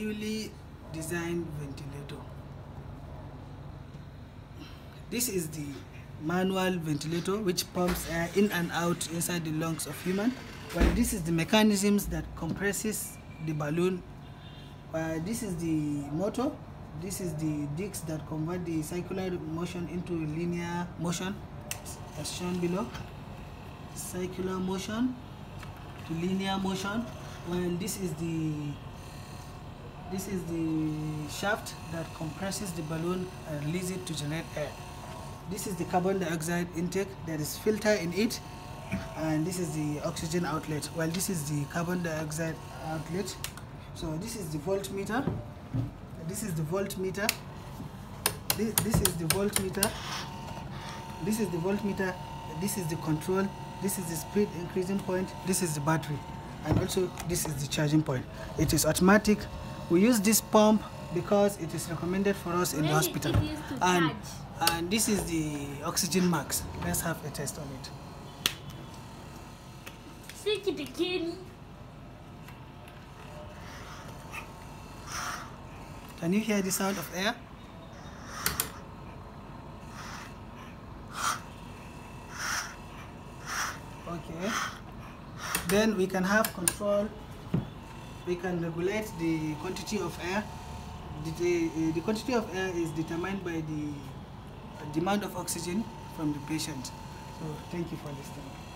newly designed ventilator this is the manual ventilator which pumps air in and out inside the lungs of human while this is the mechanisms that compresses the balloon While this is the motor this is the discs that convert the circular motion into linear motion as shown below circular motion to linear motion while this is the this is the shaft that compresses the balloon and releases it to generate air. This is the carbon dioxide intake, that is filter in it and this is the oxygen outlet well this is the carbon dioxide outlet so this is the voltmeter this is the voltmeter this, this is the voltmeter this is the voltmeter this is the control this is the speed increasing point this is the battery and also this is the charging point it is automatic we use this pump because it is recommended for us in the hospital and and this is the oxygen max let's have a test on it Take it again. Can you hear the sound of air? Okay. Then we can have control we can regulate the quantity of air. The, the, eh, the quantity of air is determined by the demand of oxygen from the patient. So thank you for listening.